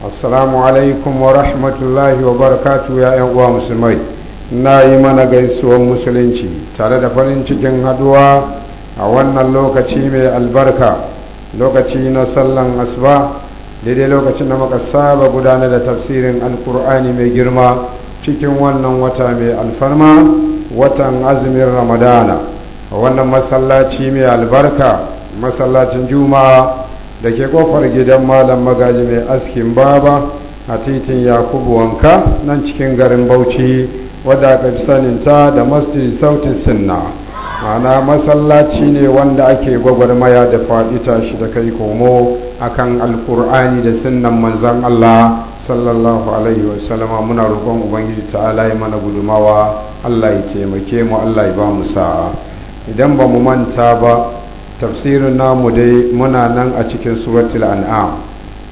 assalamu alaikum wa rahmatullahi wa barakatu ya yan uwa musulmai na yi mana gaisuwan musulunci tare da farin cikin haduwa a wannan lokaci mai albarka lokaci na sallan asuba daidai lokacin da muka saba gudanar da tafsirin alkur'ani mai girma cikin wannan wata mai alfarma watan azumin ramadana a wannan masallaci mai albarka masallacin juma'a da ke kofar gidan malam magaji mai askin baba a titin yakubu wanka nan cikin garin bauchi wadda aka fi saninta da masjid sautin sinna ma'ana masallaci ne wanda ake gwagwarmaya da faɗi tashi da kai komo akan alƙur'ani da sunnan manzan allah sallallahu alaihi wasallama muna roƙon ubangiji ta'ala alayi mana gudumawa allah ya taimake mu allah ya ba mu sa'a idan ba mu manta ba tafsirin namu dai muna nan a cikin suratul an'am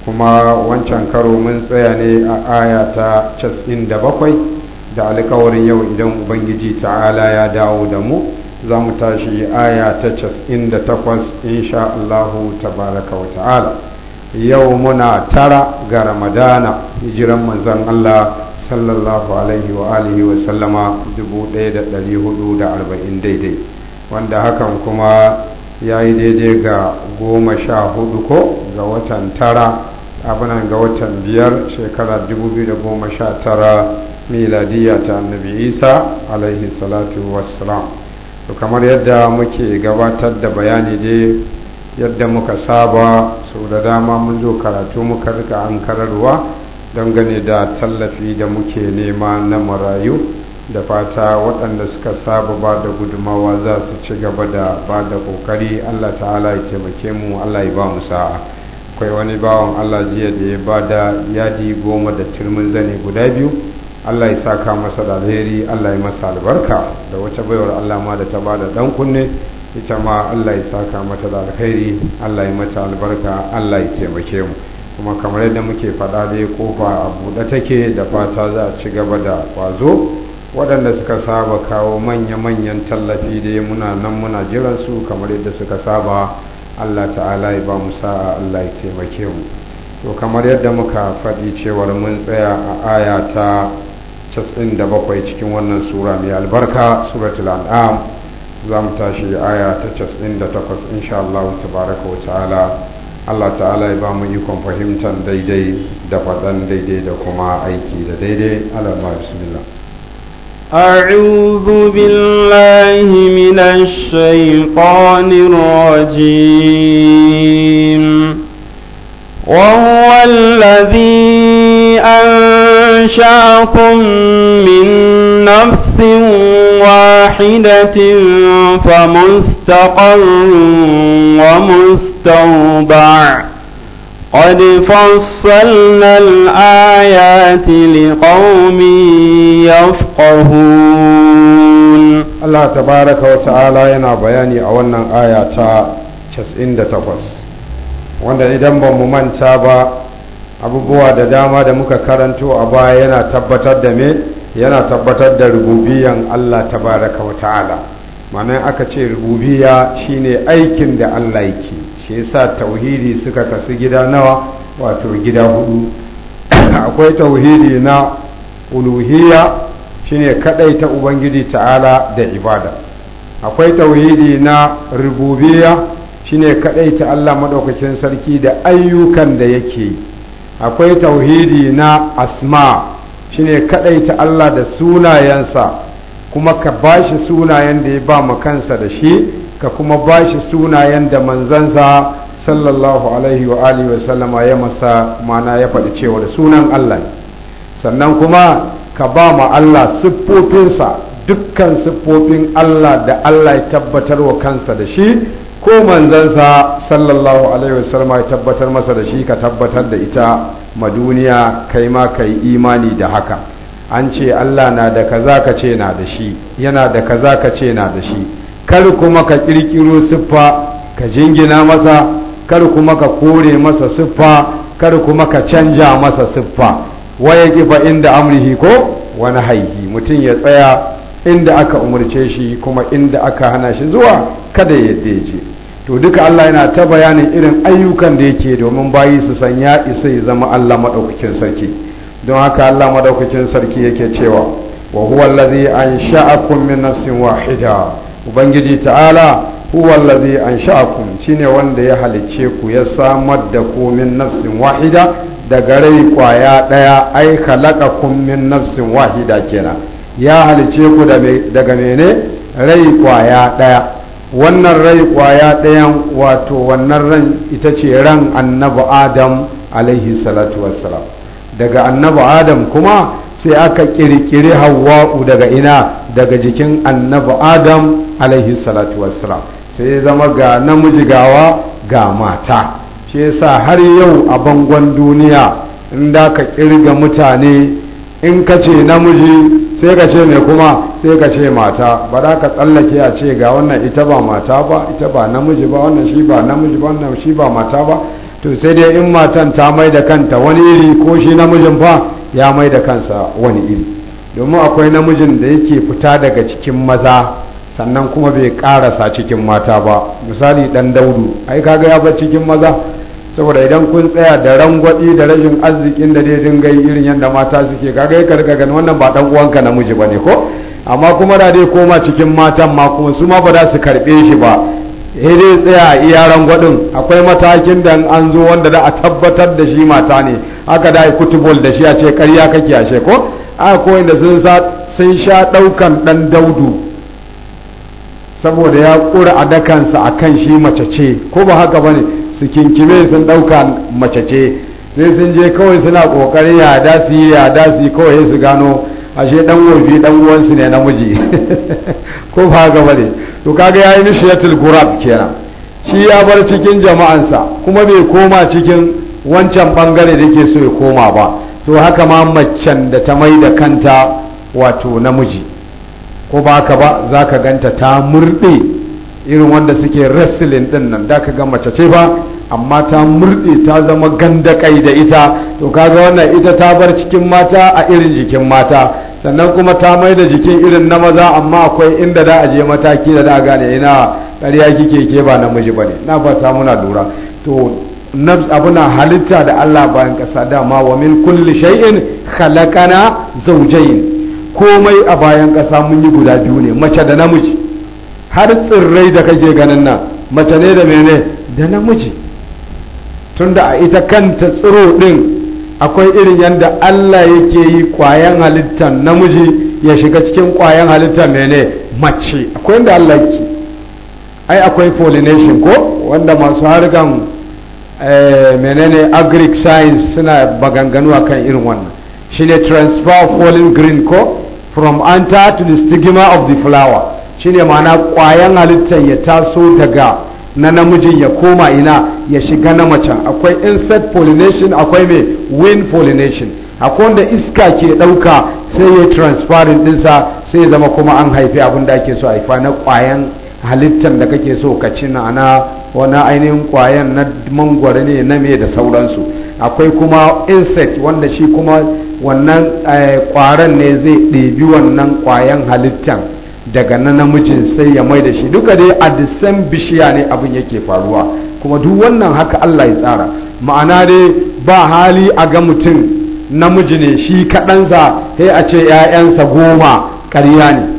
kuma wancan karo mun tsaya ne a aya ta 97 da alkawarin yau idan ubangiji ta'ala ya dawo da mu za mu tashi aya ta 98 insha Allahu tabaraka wa ta'ala yau muna tara ga ramadana hijiran manzon Allah sallallahu alaihi wa alihi wa sallama 1440 daidai wanda hakan kuma ya yi daidai ga goma sha hudu ko ga watan tara abinan ga watan biyar shekarar sha tara miladiya ta annabi isa alaihi salatu wassalam to kamar yadda muke gabatar da bayani dai yadda muka saba sau da dama mun zo karatu muka rika an kararwa dangane da tallafi da muke nema na marayu da fata waɗanda suka saba ba da gudumawa za su ci gaba da ba da ƙoƙari allah ta'ala ya taimake mu allah ya ba mu sa'a akwai wani bawan allah jiya da ya ba da yadi goma da turmin zane guda biyu allah ya saka masa da alheri allah ya masa albarka da wata baiwar allah ma da ta ba da ɗan kunne ita ma allah ya saka mata da alheri allah ya mata albarka allah ya taimake mu kuma kamar yadda muke faɗa dai kofa a buɗe take da fata za a ci gaba da ƙwazo waɗanda suka saba kawo manya-manyan tallafi da ya muna nan muna jiran su kamar yadda suka saba allah ta'ala ya ba mu sa'a allah ya taimake mu to kamar yadda muka faɗi cewar mun tsaya a aya ta 97 cikin wannan sura mai albarka suratul an'am za mu tashi aya ta 98 insha Allah tabaraka wa ta'ala Allah ta'ala ya ba mu ikon fahimtar daidai da faɗan daidai da kuma aiki da daidai alamma bismillah أعوذ بالله من الشيطان الرجيم وهو الذي أنشأكم من نفس واحدة فمستقر ومستودع قد فصلنا الآيات لقوم يفقهون الله تبارك وتعالى ينا بياني أولنا آية تسعين تقص wanda idan ba mu manta ba abubuwa da dama da muka karanto a baya yana tabbatar da me yana tabbatar da rububiyan Allah tabaraka wa ta'ala ma'ana aka ce rububiya shine aikin da Allah yake shi yasa tauhidi suka kasu gida nawa wato gida hudu akwai tauhidi na uluhiyya shine kadai ta ubangiji ta'ala da ibada akwai tauhidi na rububiyya shine kadai ta Allah madaukakin sarki da ayyukan da yake akwai tauhidi na asma shine kadai ta Allah da sunayensa kuma ka bashi sunayen da ya ba kansa da shi ka kuma ba shi sunayen da manzansa sallallahu alaihi wa alihi wa sallama ya masa mana ya faɗi cewa da sunan Allah sannan kuma ka ba ma Allah siffofinsa dukkan siffofin Allah da Allah ya tabbatar wa kansa da shi ko manzansa sallallahu alaihi wa sallama ya tabbatar masa da shi ka tabbatar da ita ma duniya kai ma ka imani da haka an ce Allah na da kaza ka ce na da shi yana da kaza ka ce na da shi kar kuma ka kirkiro siffa ka jingina masa kar kuma ka kore masa siffa kar kuma ka canja masa siffa waya kifa inda amrihi ko wani haihi mutum ya tsaya inda aka umarce shi kuma inda aka hana shi zuwa kada ya je to duka Allah yana ta bayanin irin ayyukan da yake domin bayi su san ya isa ya zama Allah madaukakin sarki don haka Allah madaukakin sarki yake cewa wa huwa allazi ansha'akum min nafsin wahida ubangiji ta'ala huwa allazi shi ne wanda ya halicce ku ya samar da ku min nafsin wahida daga rai kwaya ɗaya ai khalaqakum min nafsin wahida kenan ya halicce ku daga mene rai kwaya ɗaya? wannan rai kwaya ɗayan wato wannan ran ita ce ran annabi adam alaihi salatu wassalam daga annabi adam kuma sai aka kirkiri hawa'u daga ina daga jikin annabi adam alaihi salatu wassalam sai zama ga namiji gawa ga mata shi yasa har yau a bangon duniya in da ka kirga mutane in ka ce namiji sai ka ce mai kuma sai ka ce mata ba za ka tsallake a ce ga wannan ita ba mata ba ita ba namiji ba wannan shi ba namiji ba wannan shi ba mata ba to sai dai in matan ta mai da kanta wani iri ko shi namijin fa ya mai da kansa wani iri domin akwai namijin da yake fita daga cikin maza sannan kuma bai karasa cikin mata ba misali dan daudu ai kaga ya bar cikin maza saboda idan kun tsaya da rangwadi da rashin arzikin da dai dinga irin yadda mata suke kaga ya karka gani wannan ba dan uwanka namiji bane ko amma kuma da dai koma cikin matan ma kuma su ma ba za su karɓe shi ba sai dai tsaya iya rangwadin akwai matakin da an zo wanda da a tabbatar da shi mata ne haka da kutubul da shi a ce ƙarya kake ashe ko aka koyin da sun sha ɗaukan ɗan daudu saboda ya ƙura a dakansa a kan shi mace ce ko ba haka ba ne su kinkime sun ɗauka mace ce sai sun je kawai suna ƙoƙari yada su yi yada su yi kawai su gano ashe ɗan wofi ɗan uwansu ne namiji ko ba haka ba ne to kaga ya yi nishiyatul gurab kera shi ya bar cikin jama'ansa kuma bai koma cikin wancan bangare da ke so ya koma ba to haka ma macen da ta mai da kanta wato namiji ko ba haka ba za ka ganta ta murɗe irin wanda suke wrestling ɗin nan da ka ga mace ce ba amma ta murɗe ta zama ganda kai da ita to kaga wannan ita ta bar cikin mata a irin jikin mata sannan kuma ta mai da jikin irin na maza amma akwai inda da a je mataki da da gane ina ƙarya kike ke ba namiji ba ne na fata muna lura to nafs abuna halitta da Allah bayan ƙasa dama wa min kulli shay'in khalaqana zawjayn komai a bayan kasa mun yi guda biyu ne mace da namiji har tsirrai da kake ganin nan mace ne da mene da namiji tunda a ita kanta tsiro din akwai irin yadda Allah yake yi kwayan halittar namiji ya shiga cikin kwayan halittar mene mace akwai inda Allah yake ai akwai pollination ko wanda masu harkan Eh, menene agric science suna maganganu a kan irin wannan shi ne transfer fallen green ko from anta to the stigma of the flower shi ne ma'ana kwayan halittar ya taso daga na namijin ya koma ina ya shiga na macen akwai insect pollination akwai mai wind pollination akwai wanda iska ke ɗauka sai ya transferin ɗinsa sai zama kuma an haifi abin da ake so haifa na kwayan halittar da kake so ka ci na wani ainihin kwayan na mangwaro ne na me da sauransu akwai kuma insect wanda shi kuma wannan eh, kwaran ne zai ɗebi wannan kwayan halittan daga na namijin sai ya mai da shi duka dai a disan bishiya ne abin yake faruwa kuma duk wannan haka Allah ya tsara ma'ana dai ba hali a ga mutum namiji ne shi kaɗansa sai a ce 'ya'yansa goma ƙarya ne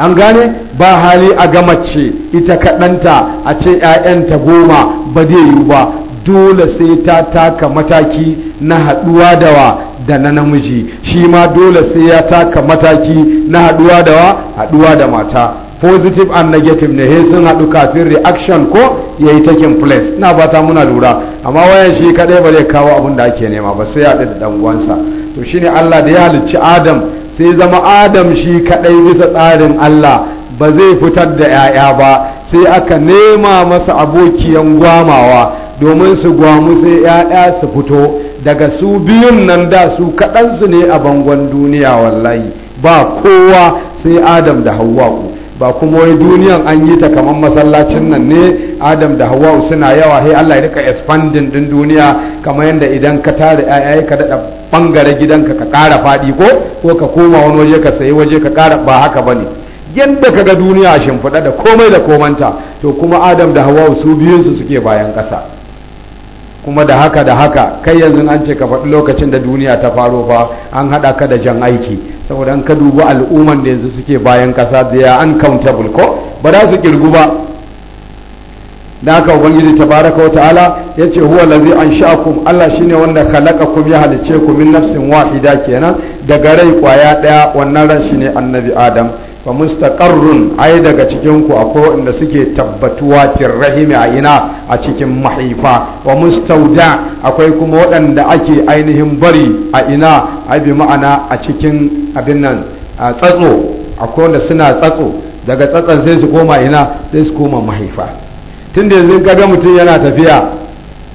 an gane ba hali a ga mace ita kaɗanta a ce 'ya'yanta goma ba zai yiwu ba dole sai ta taka mataki na haɗuwa da wa da na namiji shi ma dole sai ya taka mataki na haɗuwa da wa haɗuwa da mata positive and negative ne sun haɗu kafin reaction ko ya yi taking place na ba muna lura amma wayan shi kaɗai ba zai kawo abin da ake nema ba sai ya haɗu da ɗan uwansa to shine allah da ya halicci adam sai zama adam shi kadai bisa tsarin Allah ba zai fitar da 'ya'ya ba sai aka nema masa abokiyan gwamawa domin su gwamu sai 'ya'ya su fito daga su biyun nan da su kaɗansu ne a bangon duniya wallahi ba kowa sai adam da hawwa'u ba kuma wai duniyan an yi ta kamar masallacin nan ne adam da hawa suna yawa sai Allah ya rika expanding din duniya kamar yadda idan ka tare ayaye ka daɗa bangare gidanka ka ƙara faɗi ko ko ka koma wani waje ka sayi waje ka ƙara ba haka bane yadda ka ga duniya a shimfiɗa da komai da komanta to kuma adam da hawa su biyunsu suke bayan ƙasa kuma da haka da haka kai yanzu an ce ka faɗi lokacin da duniya ta faro fa an haɗa ka da jan aiki saboda an ka dubi al'umman da yanzu suke bayan ƙasa da ya uncountable ko ba za su kirgu ba da haka ubangiji wa wata'ala ya ce huwa lazi an sha'akum Allah shine wanda kum ya halice ku min nafsin wahida kenan daga rai kwaya ɗaya wannan ran shine annabi adam fa mustaqarrun ai daga cikin ku akwai wanda suke tabbatuwa fil rahimi a ina a cikin mahaifa wa mustauda akwai kuma waɗanda ake ainihin bari a ina ai bi ma'ana a cikin abin nan tsatso akwai wanda suna tsatso daga tsatsan sai su koma ina sai su koma mahaifa tunda yanzu kaga mutum yana tafiya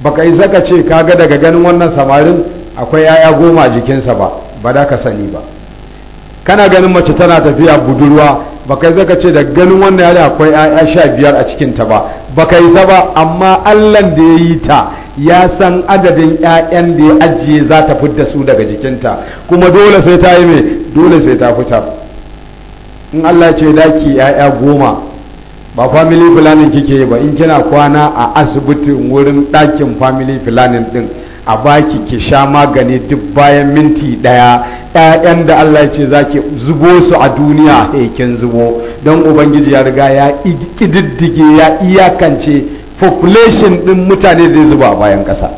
baka yi zaka ce kaga daga ganin wannan samarin akwai yaya goma jikinsa ba ba da ka sani ba kana ganin mace tana tafiya budurwa ba kai zaka ce da ganin wannan yare akwai ƴaƴa sha biyar a cikin ta ba baka yi ba amma allan da ya yi ta ya san adadin ƴaƴan da ya ajiye za ta fita su daga jikinta kuma dole sai ta yi mai dole sai ta fita in allah ce daki ƴaƴa goma ba family planning kike yi ba in kina kwana a asibitin wurin ɗakin family planning ɗin a baki ki sha magani duk bayan minti ɗaya ‘ya'yan da Allah ce za ki zubo su a duniya kin zubo don ubangiji ya riga ya ƙididdige ya iyakance population ɗin mutane zai zuba a bayan ƙasa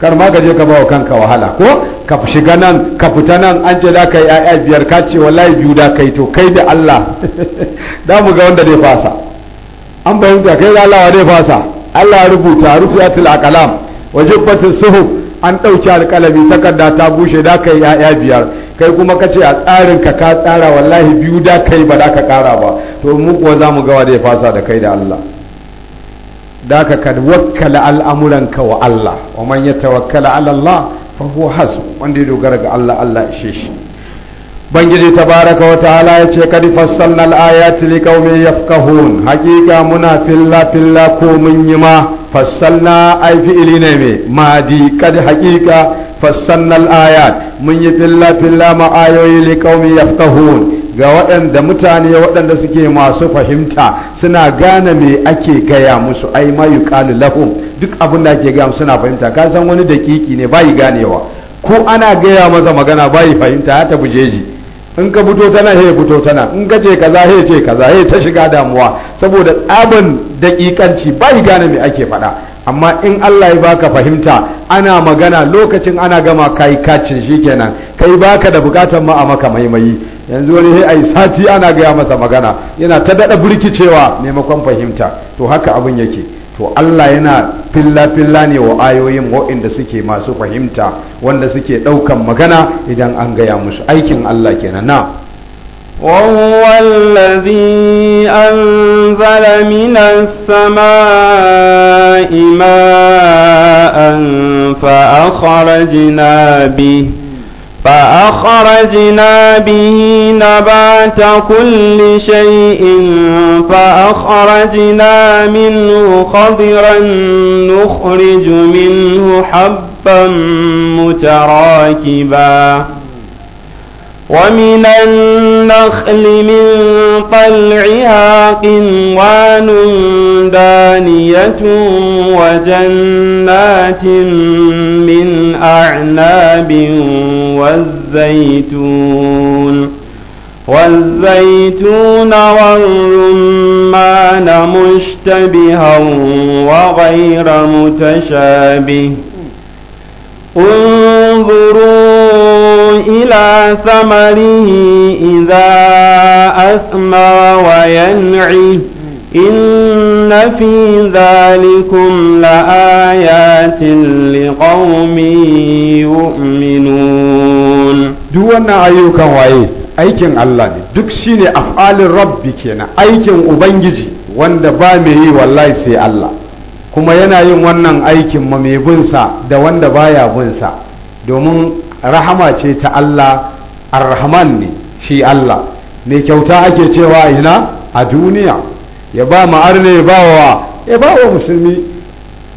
kar ma gaje ka bawa kanka wahala ko ka shiga nan ka fita nan an ce da ka yi ƴaƴa biyar ka ce wallahi biyu da yi to kai da Allah da mu ga wanda zai fasa an fahimta kai da Allah wa zai fasa Allah ya rubuta rufiyatul aqlam wajibatin suhu an ɗauki alƙalami takarda ta bushe da kai ya'ya biyar kai kuma ka ce a tsarin ka ka tsara wallahi biyu da kai ba da ka ƙara ba to mu kuwa za mu gawa da ya fasa da kai da Allah da ka ka wakkala al'amuranka wa Allah wa man ya tawakkala ala Allah fa huwa hasbu wanda ya dogara ga Allah Allah ishe shi bangiji tabaraka wa ta'ala ya ce kadi fassalna al-ayati liqaumin yafqahun hakika muna filla filla ko mun yi ma fassalna ai fi'ili ne me madi kadi hakika fassalna ayat mun yi filla filla ma ayoyi liqaumin yafqahun ga waɗanda mutane waɗanda suke masu fahimta suna gane me ake gaya musu ai ma yuqalu lahum duk abin da ake gaya suna fahimta ka san wani dakiki ne bai ganewa ko ana gaya masa magana bayi fahimta ya tafi jeji in ka fito tana he fito tana in ka ce kaza he ce kaza he ta shiga damuwa saboda tsabin dakikanci ba gane me ake faɗa amma in Allah ya baka fahimta ana magana lokacin ana gama kai kacin shikenan kai baka da bukatar ma a maka maimayi yanzu wani sai ai sati ana gaya masa magana yana ta dada burkicewa maimakon fahimta to haka abin yake to Allah yana filla-filla ne wa ayoyin waɗanda suke masu fahimta wanda suke ɗaukan magana idan an gaya musu aikin Allah kenan na وهو الذي أنزل من السماء ماء فأخرجنا به فأخرجنا به نبات كل شيء فأخرجنا منه خضرا نخرج منه حبا متراكبا ومن النخل من طلعها قنوان دانية وجنات من أعناب والزيتون والزيتون والرمان مشتبها وغير متشابه انظروا إلى ثمره إذا أثمر وينعي إن في ذلكم لآيات لقوم يؤمنون دوانا أيوكا وعي aikin Allah ne duk shine af'alin rabbi kenan aikin ubangiji wanda ba mai yi wallahi sai Allah kuma yana yin wannan aikin ma mai bunsa da wanda baya bunsa domin rahama ce ta Allah arhaman ne shi Allah mai kyauta ake cewa ina a duniya ya ba ma'ar ne ba wa ya ba wa musulmi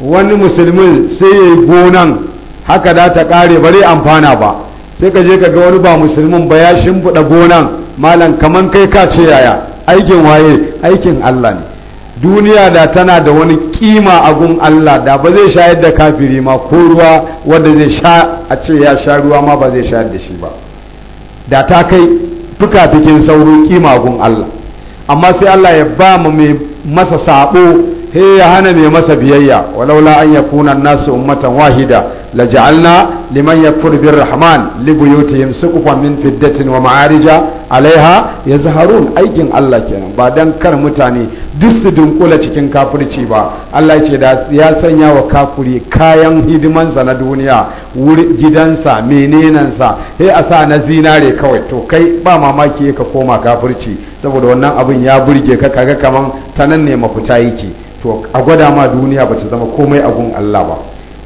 wani musulmin sai ya yi gonan haka da ta kare bare amfana ba sai ka je ka ga wani ba musulmin ba ya shimfiɗa gonan malam kaman kai ka ce yaya aikin waye aikin Allah ne duniya da tana da wani kima a gun Allah da ba zai shayar da kafiri ma ko ruwa wanda zai sha a ce ya sha ruwa ma ba zai shayar da shi ba da ta kai fuka-fukin sauro kima a gun Allah amma sai Allah ya ba mu mai masa sabo sai ya hana mai masa biyayya walaula an ya kuna nasu ummatan wahida ja'alna liman yakfur bir rahman li buyutihim suqufan min fiddatin wa ma'arija alaiha yazharun aikin Allah kenan ba dan kar mutane duk su dunkula cikin kafirci ba Allah ce da ya sanya wa kafiri kayan hidimansa na duniya wuri gidansa menenansa sai a sa na zinare kawai to kai ba mamaki ka koma kafirci saboda wannan abin ya burge ka kaga kaman tanan ne mafita yake to a gwada ma duniya ba ta zama komai a gun Allah ba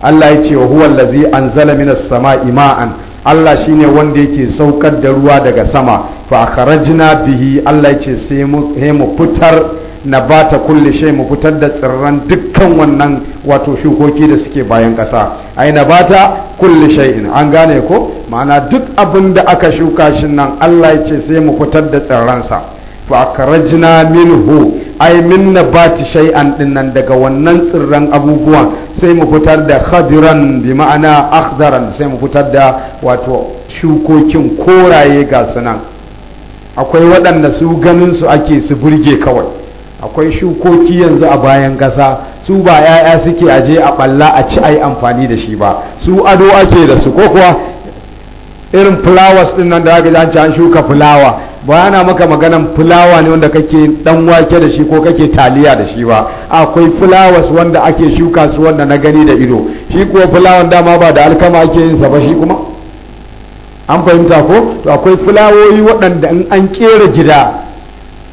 Allah ya ce wa huwa allazi anzala minas sama'i ma'an Allah shine wanda yake saukar da ruwa daga sama fa kharajna bihi Allah ya ce sai mu fitar na ba ta kulle mu fitar da tsirran dukkan wannan wato shukoki da suke bayan ƙasa ai na ba ta kulle an gane ko ma'ana duk abin da aka shuka shi nan allah ya ce sai mu fitar da tsirransa fa akarajna minhu ai min shai shay'an dinnan daga wannan tsirran abubuwan sai mu fitar da khadiran bi ma'ana akhdaran sai mu fitar da wato shukokin koraye ga sunan akwai waɗanda su ganin su ake su burge kawai akwai shukoki yanzu a bayan gasa su ba ya'ya suke aje a balla a ci ai amfani da shi ba su ado ake da su ko kuwa irin flowers din da aka ji an shuka fulawa ba ana maka maganan fulawa ne wanda kake dan wake da shi ko kake taliya da shi ba akwai fulawas wanda ake shuka su wanda na gani da ido shi kuwa fulawan dama ba da alkama ake yin sa ba shi kuma an fahimta ko to akwai fulawoyi waɗanda in an kera gida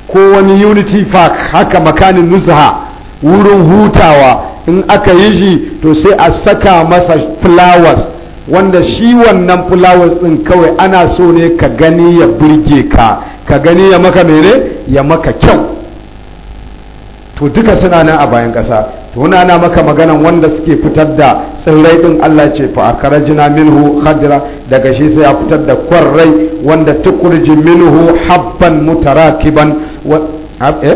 ko wani unity park haka makanin nusaha wurin hutawa in aka yi shi to sai a saka masa fulawas wanda shi wannan fulawar ɗin kawai ana so ne ka gani ya burge ka ka gani ya maka mere ya maka kyau to duka suna nan a bayan kasa to na ana maka maganan wanda suke fitar da tsirrai ɗin Allah ce fa akara jina minhu hadira daga shi sai ya fitar da kwarrai wanda tukurji minhu habban mutarakiban eh?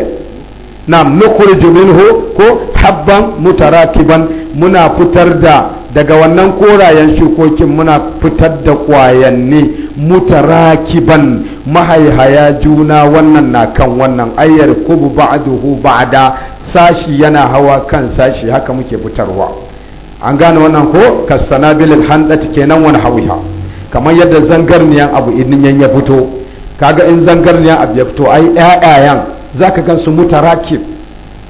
na nukurji minhu ko habban mutarakiban muna fitar da daga wannan korayen shukokin muna fitar da ƙwayanni mutarakiban mahaihaya juna wannan na kan wannan ayyar kubu ba'duhu ba'da sashi yana hawa kan sashi haka muke fitarwa an gane wannan ko kasanabil handat kenan wani hawiha kamar yadda zangarniyan abu idan ya fito kaga in zangarniyan abu ya fito ai ƴaƴayan zaka gansu mutarakib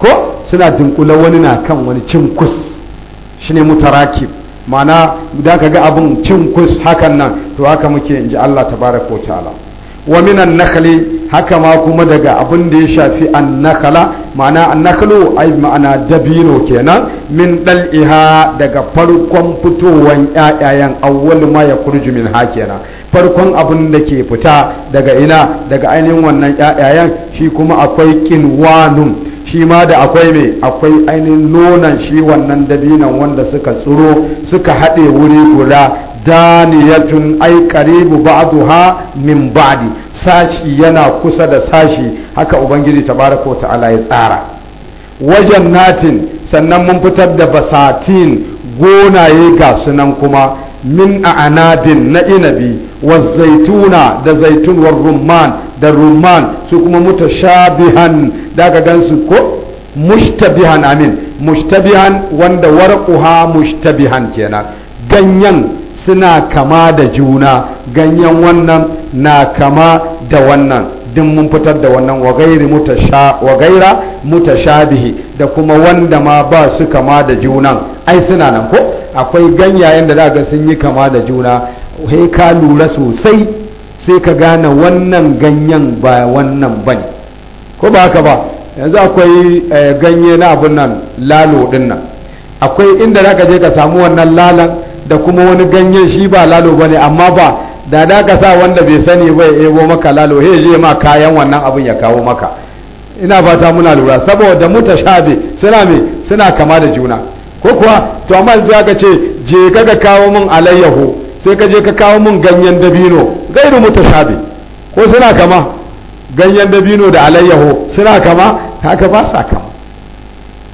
ko suna dinkula wani na kan wani cinkus shine mutarakib ma'ana da ka ga abin cin kus hakan nan to haka muke in ji Allah tabaraka ta'ala wa minan nakhli haka ma kuma daga abin da ya shafi annakala ma'ana annaklu ai ma'ana dabino kenan min dal'iha daga farkon fitowan ƴaƴayen awwal ma ya kurjumin min ha kenan farkon abin da ke fita daga ina daga ainihin wannan ƴaƴayen shi kuma akwai kinwanun shi ma da akwai mai akwai ainihin nonan shi wannan dabinan wanda suka tsiro suka haɗe wuri guda daniyatun ai qaribu ha min ba'di sashi yana kusa da sashi haka ubangiji tabaraka wa ta'ala ya tsara wajen natin sannan mun fitar da basatin gonaye ga sunan kuma min a anadin na inabi zaituna da zaitun war rumman da rumman su kuma mutashabihan daga gansu ko mushtabihan amin mushtabihan wanda warquha mushtabihan kenan ganyen suna kama da juna ganyen wannan na kama da wannan duk mun fitar da wannan wa gairi mutasha wa gaira mutashabihi da kuma wanda ma ba su kama da junan ai suna nan ko akwai ganyayen da daga sun yi kama da juna sai ka lura sosai sai ka gane wannan ganyen ba wannan ba ko ba haka ba yanzu akwai eh, ganye na abun nan lalo din nan akwai inda za ka je ka samu wannan lalan da kuma wani ganyen shi ba lalo ba ne amma ba da da ka sa wanda bai sani ba ya ebo maka lalo he je ma kayan wannan abin ya kawo maka ina fata muna lura saboda mutashabi suna me suna kama da juna ko kuwa to amma yanzu ka ce je ka kawo min alayyahu sai ka je ka kawo mun ganyen dabino gairu mutashabi ko suna kama ganyen dabino da alayyaho suna kama haka ba sa kama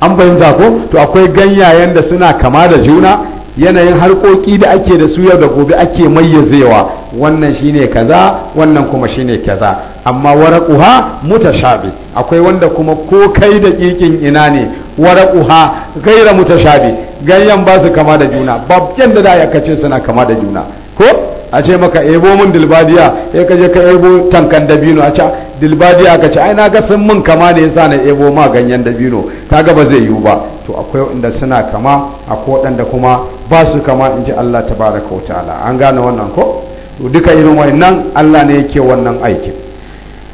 an fahimta ko to akwai ganyayen da suna kama da juna yanayin harkoki da ake da su yau da gobe ake mayyazewa wannan shine kaza wannan kuma shine kaza amma waraquha mutashabi akwai wanda kuma ko kai da kikin ina ne uha waraquha ghayra mutashabi ganyen ba su kama da juna babken da da ya kace suna kama da juna ko a ce maka ebo mun dilbadiya sai ka ka ebo tankan dabino a ce dilbadiya ka ce ai na ga sun mun kama ne yasa na ebo ma ganyen dabino kaga ba zai yiwu ba to akwai wanda suna kama akwai waɗanda kuma ba su kama in ji Allah tabaraka wa ta'ala an gane wannan ko to duka irin wayannan Allah ne yake wannan aikin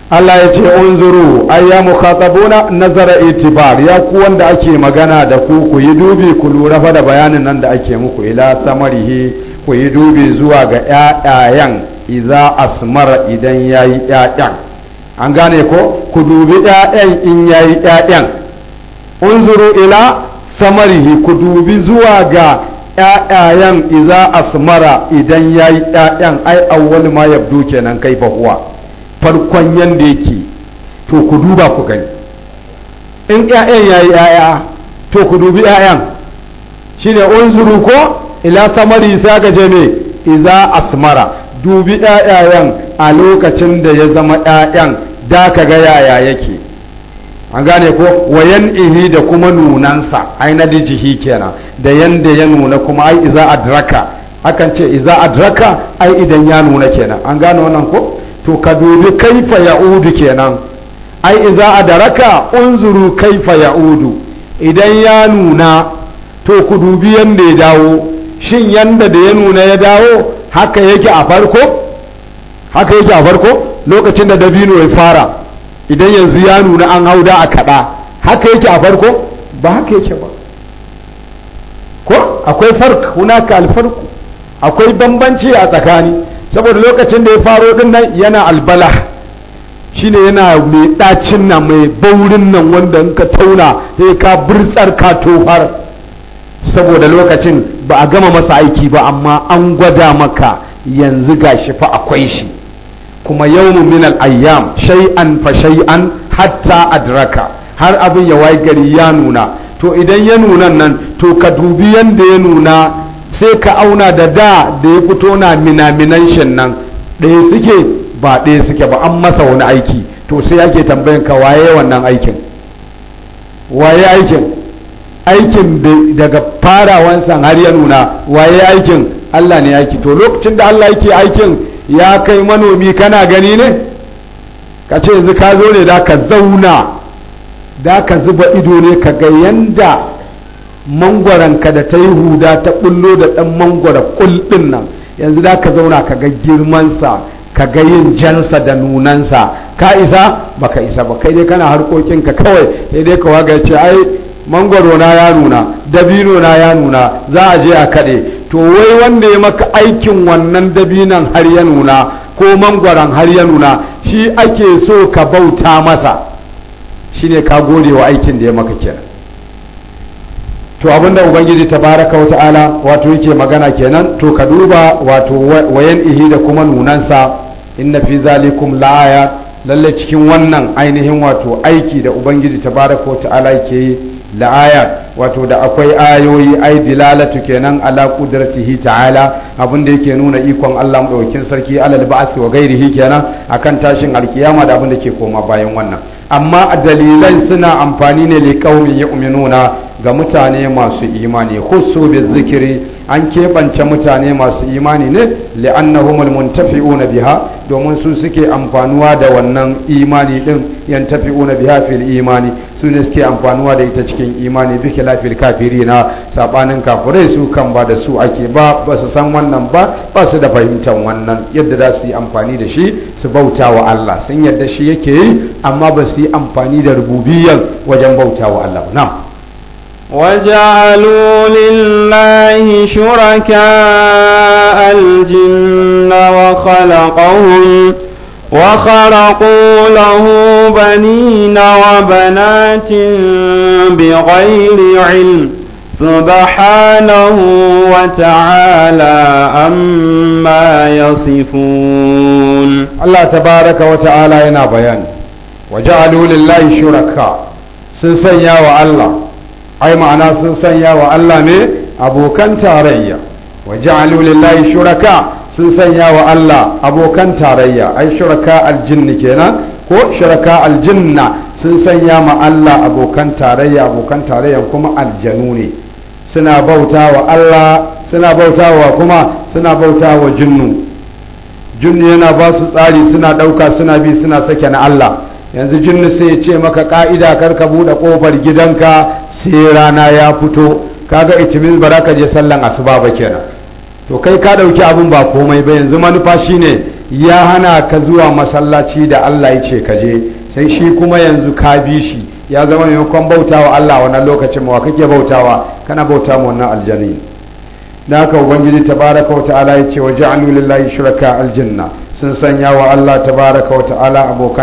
Allah ya ce unzuru ya mukhatabuna nazara itibar ya ku wanda ake magana da ku ku yi dubi ku lura fa da bayanin nan da ake muku ila samarihi ku yi dubi zuwa ga ƴaƴayen iza asmara idan yayi ƴaƴan an gane ko ku dubi ƴaƴan in yayi ƴaƴan unzuru ila samarihi ku dubi zuwa ga ƴaƴayen iza asmara idan yayi ƴaƴan ai awwal ma yabdu kenan kai fa huwa farkon yanda yake to ku duba ku gani in ƴaƴan yayi ƴaƴa to ku dubi ƴaƴan shine unzuru ko ila samari sai ka je iza asmara dubi ƴaƴayen a lokacin da ya zama ƴaƴan da ka ga yaya yake an gane ko wayan ihi da kuma nunansa ai na dijihi kenan da yanda ya nuna kuma ai iza adraka akan ce iza adraka ai idan ya nuna kenan an gane wannan ko to ka dubi kaifa ya'udu kenan ai idza adaraka unzuru kaifa ya'udu idan ya nuna to ku dubi yanda ya dawo shin yanda da ya nuna ya dawo haka yake a farko haka yake a farko lokacin da dabino ya fara idan yanzu ya nuna an hauda a kada haka yake a farko ba haka yake ba ko akwai fark hunaka alfarku akwai bambanci a tsakani saboda lokacin da ya faro din nan yana albala shine yana mai ɗacin nan mai baurin nan wanda in ka tauna sai ka burtsar ka tofar saboda lokacin ba a gama masa aiki ba amma an gwada maka yanzu gashi fa akwai shi kuma yawmu min al-ayyam shay'an fa shay'an hatta adraka har abin ya wai gari ya nuna to idan ya nuna nan to ka dubi yanda ya nuna sai ka auna da da da ya fito na minaminan shin nan ɗaya suke ba ɗaya suke ba an masa wani aiki to sai ake tambayan ka waye wannan aikin waye aikin aikin daga farawansa har ya nuna waye aikin Allah ne aiki to lokacin da Allah yake aikin ya kai manomi kana gani ne ka ce yanzu ka zo ne da ka zauna da ka zuba ido ne ka ga yanda mangwaranka da ta yi huda ta bullo da ɗan mangwara ƙulɗin nan yanzu za ka zauna ka ga girmansa ka ga yin jansa da nunansa ka isa baka isa ba kai dai kana harkokinka kawai sai dai ka waga ce ai mangwaro na ya nuna dabino na ya nuna za a je a kaɗe to wai wanda ya maka aikin wannan dabinan har ya nuna ko mangwaron har ya nuna shi ake so ka bauta masa shine ka gode wa aikin da ya maka kenan to abinda ubangiji tabaraka wa ta'ala wato yake magana kenan to ka duba wato wayan ihi da kuma nunansa inna fi zalikum la'aya lalle cikin wannan ainihin wato aiki da ubangiji tabaraka wa ta'ala yake yi la'aya wato da akwai ayoyi ai dilalatu kenan ala qudratihi ta'ala abinda yake nuna ikon Allah madaukakin sarki alal ba'ath wa ghairihi kenan akan tashin alkiyama da abinda ke koma bayan wannan amma dalilan suna amfani ne li qaumin yu'minuna ga mutane masu imani bi zikiri an keɓance mutane masu imani ne li'annahumul muntafi'una biha domin su suke amfanuwa da wannan imani din yantafi'una biha fil imani su ne suke amfanuwa da ita cikin imani bi khilafil kafirina sabanin kafirai su kan ba da su ake ba ba su san wannan ba ba su da fahimtar wannan yadda za su yi amfani da shi su bauta wa Allah sun yadda shi yake yi amma ba su yi amfani da rububiyar wajen bauta wa Allah ba na'am وجعلوا لله شركاء الجن وخلقهم وخرقوا له بنين وبنات بغير علم سبحانه وتعالى أما يصفون الله تبارك وتعالى ينا بيان وجعلوا لله شركاء سنسيا الله ai ma'ana sun sanya wa Allah ne abokan tarayya wa ja'alu lillahi shuraka sun sanya wa Allah abokan tarayya ai shuraka aljinn kenan ko shuraka aljinna sun sanya ma Allah abokan tarayya abokan tarayya kuma aljanu ne suna bauta wa Allah suna bauta wa kuma suna bauta wa jinnu jinnu yana ba su tsari suna ɗauka suna bi suna sake na Allah yanzu jinnu sai ya ce maka ka'ida kar ka buɗe ƙofar gidanka sai rana ya fito kaga itimin ba ka je sallan asuba ba kenan to kai ka ɗauki abin ba komai ba yanzu manufa shine ya hana ka zuwa masallaci da Allah ya ce ka je sai shi kuma yanzu ka bi shi ya zama maimakon bautawa Allah wannan lokacin wa kake bautawa kana bauta ma wannan aljani da haka ubangiji tabaraka wa ta'ala ya ce wa ja'alu lillahi aljanna sun sanya wa Allah tabaraka ta'ala abokan